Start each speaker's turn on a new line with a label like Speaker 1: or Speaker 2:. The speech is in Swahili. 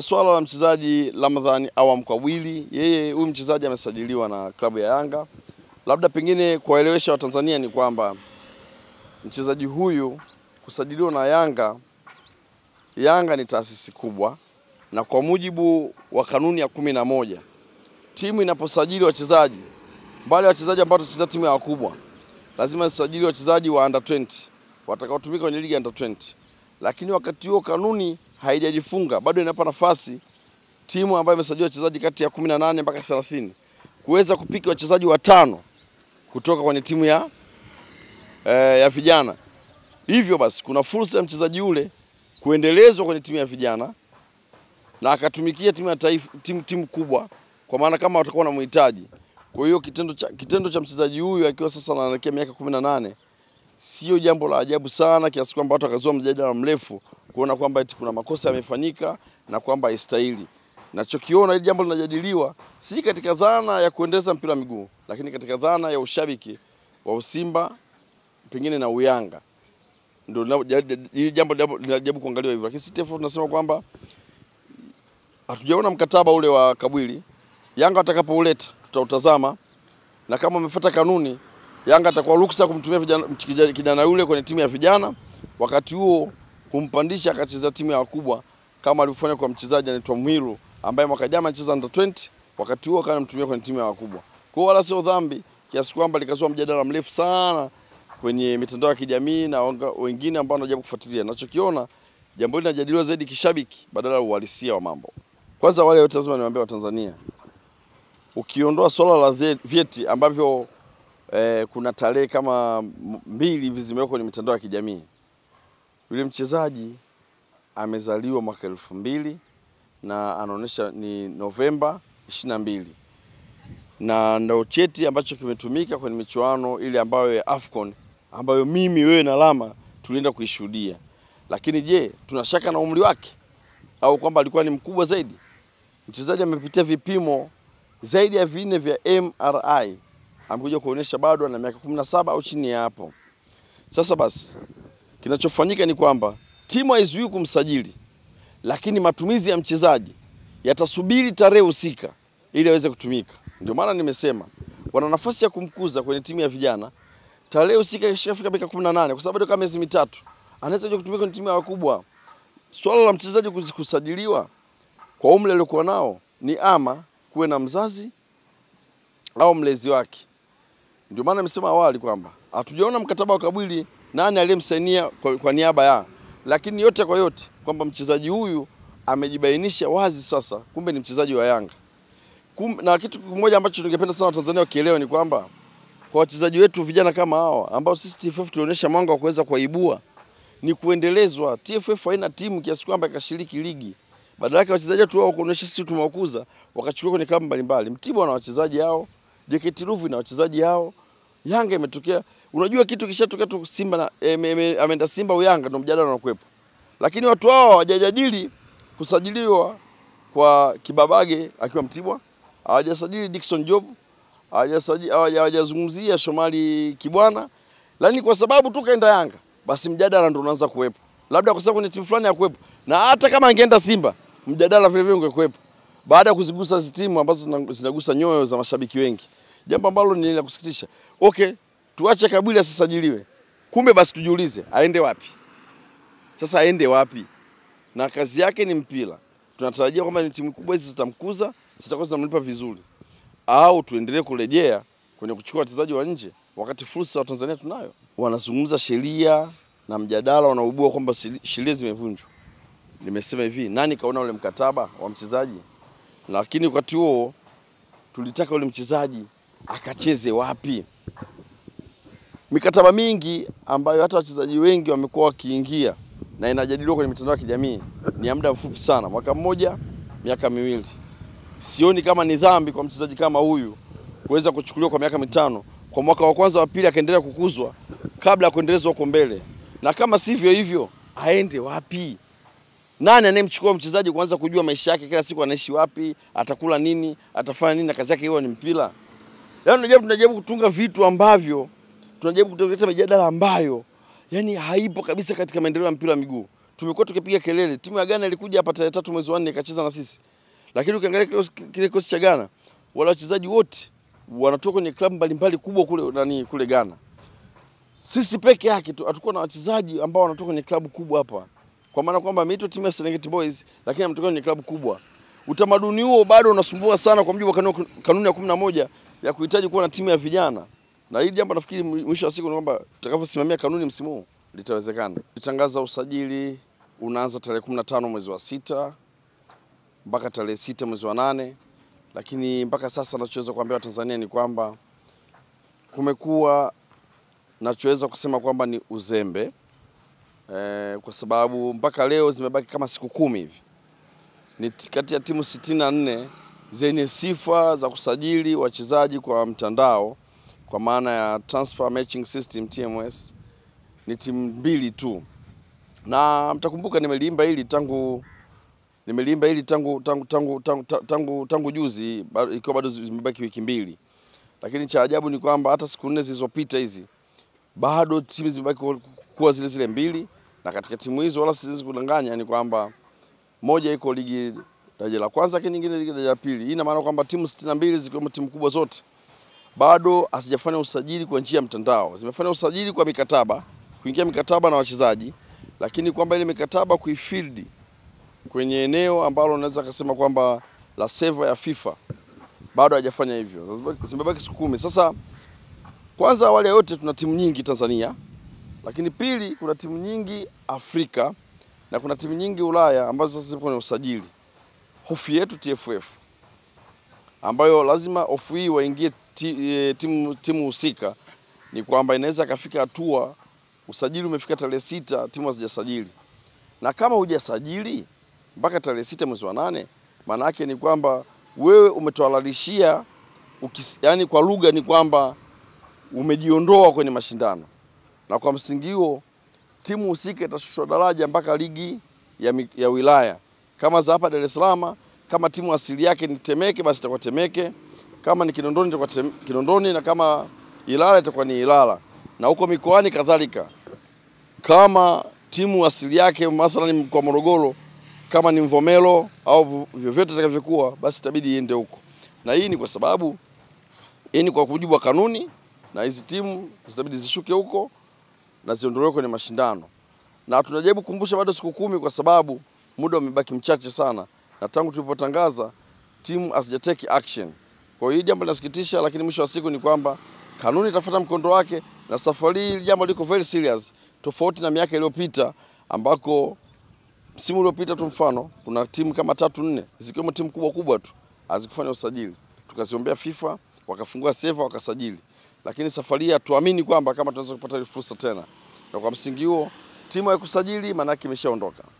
Speaker 1: Swala la mchezaji Ramadhani Awam yeye huyu mchezaji amesajiliwa na klabu ya Yanga. Labda pengine kuwaelewesha Watanzania ni kwamba mchezaji huyu kusajiliwa na Yanga, Yanga ni taasisi kubwa, na kwa mujibu wa kanuni ya kumi na moja timu inaposajili wachezaji, mbali wachezaji ambao tucheza timu ya wakubwa, lazima isajili wachezaji wa under 20 watakaotumika kwenye ligi under 20, lakini wakati huo kanuni haijajifunga bado, inapa nafasi timu ambayo imesajili wachezaji kati ya 18 mpaka 30 kuweza kupiki wachezaji watano kutoka kwenye timu ya, eh, ya vijana. Hivyo basi kuna fursa ya mchezaji yule kuendelezwa kwenye timu ya vijana na akatumikia timu ya taifa, timu, timu kubwa kwa maana kama watakuwa na wanamhitaji. Kwa hiyo kitendo cha, kitendo cha mchezaji huyu akiwa sasa anaelekea miaka 18 sio jambo la ajabu sana kiasi kwamba watu wakazua mjadala mrefu kuona kwamba eti kuna makosa yamefanyika na kwamba haistahili. Nachokiona hili jambo linajadiliwa si katika dhana ya kuendeleza mpira wa miguu, lakini katika dhana ya ushabiki wa Simba pengine na Uyanga, ndio hili jambo linajaribu kuangaliwa hivyo, lakini sisi tunasema kwamba hatujaona mkataba ule wa Kabwili. Yanga atakapouleta tutautazama, na kama amefuata kanuni, Yanga atakuwa ruksa kumtumia kijana yule kwenye timu ya vijana, wakati huo kumpandisha akacheza timu ya wakubwa kama alivyofanya kwa mchezaji anaitwa Mwiru ambaye mwaka jana alicheza under 20, wakati huo kana mtumia kwenye timu ya wakubwa. Kwa hiyo wala sio dhambi kiasi kwamba likazua mjadala mrefu sana kwenye mitandao ya kijamii na wengine ambao wanajaribu kufuatilia. Nachokiona jambo hili linajadiliwa zaidi kishabiki badala ya uhalisia wa mambo. Kwanza wale wote lazima niwaambie Watanzania, ukiondoa swala la vyeti ambavyo eh, kuna tarehe kama mbili hivi zimewekwa kwenye mitandao ya kijamii yule mchezaji amezaliwa mwaka elfu mbili na anaonyesha ni Novemba 22 na ndo cheti ambacho kimetumika kwenye michuano ile ambayo ya AFCON ambayo mimi wewe na Lama tulienda kuishuhudia. Lakini je, tunashaka na umri wake au kwamba alikuwa ni mkubwa zaidi? Mchezaji amepitia vipimo zaidi ya vinne vya MRI, amekuja kuonyesha bado ana miaka 17 au chini ya hapo. Sasa basi Kinachofanyika ni kwamba timu haizuii kumsajili, lakini matumizi ya mchezaji yatasubiri tarehe husika ili aweze kutumika. Ndio maana nimesema wana nafasi ya kumkuza kwenye timu ya vijana. Tarehe husika ishafika dakika 18 kwa sababu kama miezi mitatu anaweza kuja kutumika kwenye timu ya wakubwa. Swala la mchezaji kusajiliwa kwa umri aliokuwa nao ni ama kuwe na mzazi au mlezi wake. Ndio maana nimesema awali kwamba hatujaona mkataba wa Kabwili nani aliyemsainia kwa, kwa niaba ya, lakini yote kwa yote kwamba mchezaji huyu amejibainisha wazi sasa, kumbe ni mchezaji wa Yanga. Kum, na kitu kimoja ambacho ningependa sana Watanzania wakielewe ni kwamba kwa wachezaji wetu vijana kama hawa ambao sisi TFF tulionyesha mwanga wa kuweza kuibua ni kuendelezwa. TFF haina timu kiasi kwamba ikashiriki ligi, badala yake wachezaji wetu wao kuonyesha sisi tumewakuza, wakachukua kwenye klabu mbalimbali. Mtibwa na wachezaji hao, JKT Ruvu na wachezaji hao, Yanga imetokea. Unajua kitu kishatokea tu Simba na e, me, me, ameenda Simba au Yanga ndio mjadala unakuepo. Lakini watu hao hawajajadili kusajiliwa kwa Kibabage akiwa Mtibwa, hawajasajili Dickson Job, hawajazungumzia Shomali Kibwana, lakini kwa sababu tu kaenda Yanga, basi mjadala ndio unaanza kuwepo, labda kwa sababu kwenye timu fulani hakuwepo, na hata kama angeenda Simba mjadala vile vile ungekuwepo, baada ya kuzigusa hizi timu ambazo zinagusa nyoyo za mashabiki wengi jambo ambalo ni la kusikitisha. Okay, tuache kabila asisajiliwe, kumbe basi tujiulize aende wapi? Sasa aende wapi? Na kazi yake ni mpira, tunatarajia kwamba ni timu kubwa hizi zitamkuza, zitakuwa zinamlipa vizuri, au tuendelee kurejea kwenye kuchukua wachezaji wa nje wakati fursa wa Tanzania tunayo. Wanazungumza sheria na mjadala wanaubua kwamba sheria zimevunjwa. Nimesema hivi, nani kaona ule mkataba wa mchezaji? Lakini wakati huo tulitaka ule mchezaji akacheze wapi? Mikataba mingi ambayo hata wachezaji wengi wamekuwa wakiingia na inajadiliwa kwenye mitandao ya kijamii ni ya muda mfupi sana, mwaka mmoja, miaka miwili. Sioni kama ni dhambi kwa mchezaji kama huyu kuweza kuchukuliwa kwa miaka mitano, kwa mwaka wa kwanza wa pili akaendelea kukuzwa kabla ya kuendelezwa huko mbele, na kama sivyo hivyo aende wapi? Nani anayemchukua mchezaji kuanza kujua maisha yake, kila siku anaishi wapi, atakula nini, atafanya nini, na kazi yake hiyo ni mpira? Yaani unajua tunajaribu kutunga vitu ambavyo tunajaribu kutengeneza mijadala ambayo yani haipo kabisa katika maendeleo ya mpira wa miguu. Tumekuwa tukipiga kelele, timu ya Ghana ilikuja hapa tarehe tatu mwezi wa nne ikacheza na sisi, lakini ukiangalia kile kikosi cha Ghana, wale wachezaji wote wanatoka kwenye klabu mbalimbali kubwa kule nani kule Ghana. Sisi peke yake tu hatukuwa na wachezaji ambao wanatoka kwenye klabu kubwa hapa, kwa maana kwamba ameitwa timu ya Serengeti Boys, lakini ametoka kwenye klabu kubwa. Utamaduni huo bado unasumbua sana kwa mujibu wa kanuni ya kumi na moja ya kuhitaji kuwa na timu ya vijana, na hili jambo nafikiri mwisho wa siku ni kwamba tutakavyosimamia kanuni msimu huu litawezekana. Tangaza usajili unaanza tarehe 15 mwezi wa sita mpaka tarehe sita mwezi wa nane, lakini mpaka sasa nachoweza kuambia Watanzania ni kwamba kumekuwa nachoweza kusema kwamba ni uzembe eh, kwa sababu mpaka leo zimebaki kama siku kumi hivi ni kati ya timu sitini na nne zenye sifa za kusajili wachezaji kwa mtandao kwa maana ya transfer matching system TMS ni timu mbili tu, na mtakumbuka nimeliimba hili tangu nimeliimba hili tangu tangu tangu tangu, tangu, tangu, tangu juzi ikiwa bado zimebaki wiki mbili, lakini cha ajabu ni kwamba hata siku nne zilizopita hizi bado timu zimebaki kuwa zile zile mbili, na katika timu hizo wala siwezi kudanganya ni kwamba moja iko ligi daraja la kwanza, lakini nyingine ligi daraja la pili. Hii ina maana kwamba timu 62 mbili zikiwemo timu kubwa zote bado hazijafanya usajili kwa njia ya mtandao, zimefanya usajili kwa mikataba, kuingia mikataba na wachezaji, lakini kwamba ile mikataba kuifield kwenye eneo ambalo unaweza kusema kwamba la seva ya FIFA bado hajafanya hivyo. Zimebaki siku kumi. Sasa kwanza, awali yote tuna timu nyingi Tanzania, lakini pili kuna timu nyingi Afrika na kuna timu nyingi Ulaya ambazo sasa zipo kwenye usajili hofu yetu TFF, ambayo lazima hofu hii waingie e, timu, timu husika ni kwamba inaweza kafika hatua usajili umefika tarehe sita, timu hazijasajili, na kama hujasajili mpaka tarehe sita mwezi wa nane, maana yake ni kwamba wewe umetuhalalishia yani, kwa lugha ni kwamba umejiondoa kwenye mashindano, na kwa msingi huo timu husika itashushwa daraja mpaka ligi ya, ya wilaya kama za hapa Dar es Salaam, kama timu asili yake ni Temeke, basi itakuwa Temeke, kama ni Kinondoni itakuwa Kinondoni, na kama Ilala itakuwa ni Ilala, na huko mikoani kadhalika. Kama timu asili yake mathalan kwa Morogoro, kama ni Mvomero au vyovyote itakavyokuwa, basi itabidi iende huko, na hii ni kwa sababu hii ni kwa kujibu wa kanuni, na hizi timu zitabidi zishuke huko na ziondolewe kwenye mashindano, na tunajaribu kukumbusha bado siku kumi kwa sababu muda umebaki mchache sana, na tangu tulipotangaza timu hazijateki action. Kwa hiyo jambo linasikitisha, lakini mwisho wa siku ni kwamba kanuni itafuta mkondo wake, na safari hii jambo liko very serious, tofauti na miaka iliyopita ambako msimu uliopita tu mfano kuna timu kama tatu nne zikiwemo timu kubwa kubwa tu hazikufanya usajili, tukaziombea FIFA wakafungua seva wakasajili, lakini safari hii tuamini kwamba kama tunaweza kupata fursa tena, na kwa msingi huo timu haikusajili maana yake imeshaondoka.